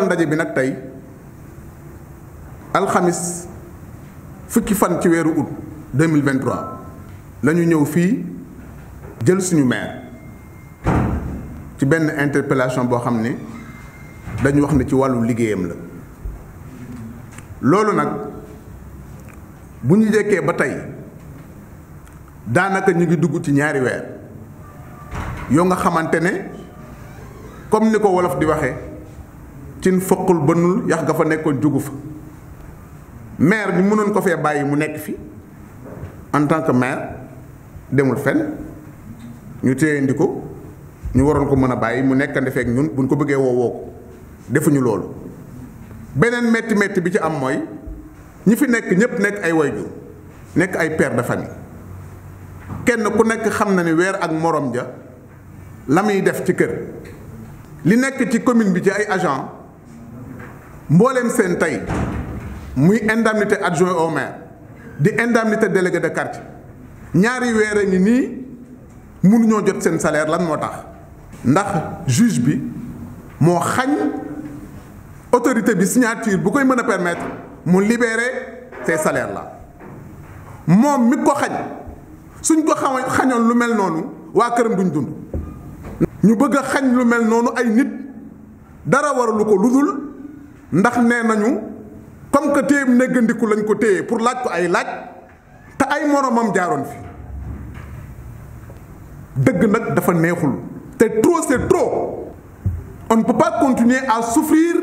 waral ndaje bi nag tey alxamis fukki fan ci weeru août 2023 la ñu ñëw fii jël suñu maire ci benn interpellation boo xam ne dañu wax ne ci wàllu liggéeyam la loolu nag bu ñu jekkee ba tey daanaka ñu ngi dugg ci ñaari weer yoo nga xamante ne comme ni ko wolof di waxee cin fëqul bënnul yax ga fa nekkoon jugu fa maire bi mënoon ko fee bàyyi mu nekk fi en tant que maire demul fen ñu téyandi ko ñu waroon ko mën a bàyyi mu nekkandi feek ñun buñ ko bëggee woo ko defuñu loolu beneen metti métti bi ci am mooy ñi fi nekk ñëpp nekk ay wayjur nekk ay père de famille kenn ku nekk xam na ni weer ak moroom ja lam muy def ci kër li nekk ci commune bi ci ay agent mbooleem seen tey muy indemnité adjoint au maire di indemnité délégué de quartier ñaari weer a ngi nii mënuñoo jot seen salaire lan moo tax ndax juge bi moo xañ autorité bi signature bu koy mën a permettre mu libérer ces salaires la moom mi ko xañ suñ ko xaw xañoon lu mel noonu waa këram duñ dund ñu bëgg a xañ lu mel noonu ay nit dara waralu ko ludul ndax nee nañu comme que téye néggandiku lañ ko téye pour laaj ko ay laaj te ay moromam jaaroon fi dëgg nag dafa neexul te trop c'est trop on ne continuer à souffrir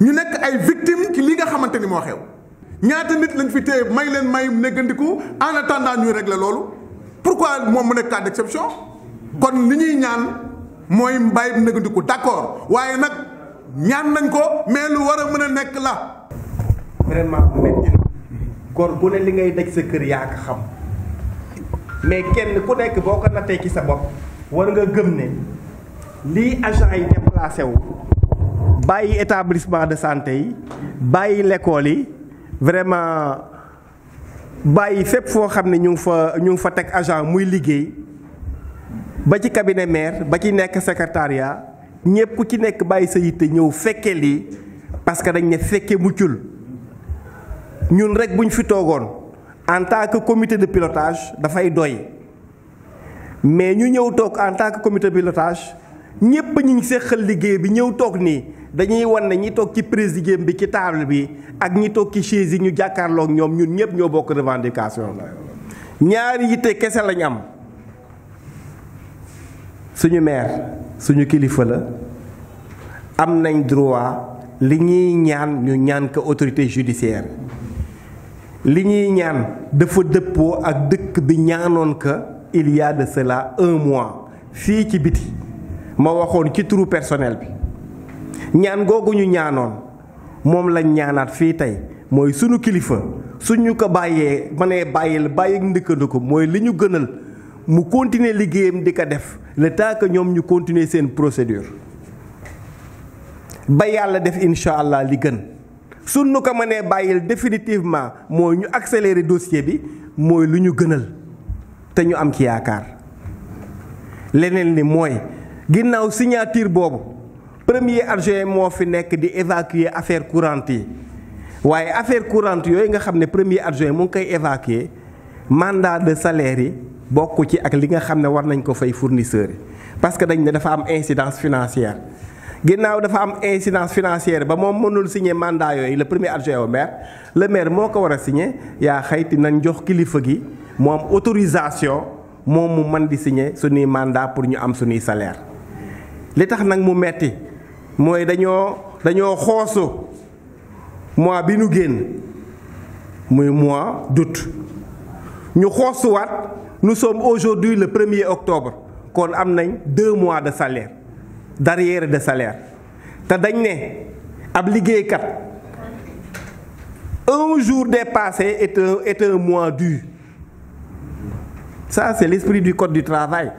ñu nekk ay victimes ci lii nga xamante ni moo xew ñaata nit lañ fi téye may leen may néggandiku en attendant ñuy régler loolu pourquoi moom mu nekk cas d'exception kon li ñuy ñaan mooy mbayum néggandiku d'accord waaye nag. ñaan nañ ko mais lu war a mën a nekk la. vraiment bu li ngay daj sa kër yaa ko xam mais kenn ku nekk boo ko nattee ci sa bopp war nga gëm ne lii agent yi déplacé wu bàyyi établissement de santé yi bàyyi lekkool yi vraiment bàyyi fépp foo xam ne ñu ngi fa ñu ngi fa teg agent muy liggéey ba ci cabinet maire ba ci nekk secrétariat. ñëpp ku ci nekk bàyyi sa yitte ñëw fekkee lii parce que dañ ne fekke muccul ñun rek bu ñu fi toogoon en tant que comité de pilotage dafay doy mais ñu ñëw toog en tant que comité de pilotage ñëpp ñi ñu seqal liggéey bi ñëw toog nii dañuy wan nañ ñi toog ci présidium bi ci table bi ak ñi toog ci chaise yi ñu jàkkaarlook ñoom ñun ñëpp ñoo bokk revendication ñaari yitte kese lañ am. suñu maire suñu kilifa la am nañ droit li ñuy ñaan ñu ñaan ko autorité judiciaire li ñuy ñaan dafa dëppoo ak dëkk bi ñaanoon ko il de cela un mois fii ci biti ma waxoon ci turu personnel bi ñaan googu ñu ñaanoon moom lañ ñaanaat fii tey mooy suñu kilifa suñu ko bàyyee ma ne bàyyil bàyyi ndëkkandi ko mooy li ñu gënal mu continuer liggéeyam di ko def le temps que ñoom ñu continuer seen procédure ba yàlla def incha allah li gën suñ nu ko mënee bàyyil définitivement mooy ñu accélérer dossier bi mooy lu ñu gënal te ñu am ci yaakaar leneen li mooy ginnaaw signature boobu premier adjoint moo fi nekk di évacuer affaire courante yi waaye affaire courante yooyu nga xam ne premier adjoint mu ngi koy évacuer mandat de salaire yi bokk ci ak li nga xam ne war nañ ko fay fournisseurs yi parce que dañ ne dafa am insidence financière ginnaaw dafa am incidence financière ba moom mënul signer mandat yooyu le premier adjoint au maire le maire moo ko war a signer yaa xayti nañ jox kilifa gi mu am autorisation moom mu mën di signer suñuy mandat pour ñu am suñuy salaire li tax nag mu metti mooy dañoo dañoo xoosu mois bi nu génn muy mois d'août ñu xoosuwaat nous sommes aujourd'hui le premier octobre kon am nañ deux mois de salaire d'arriéré de salaire te dañ ne ab liggéeykat un jour des est un est mois dû ça c'est l'esprit du code du travail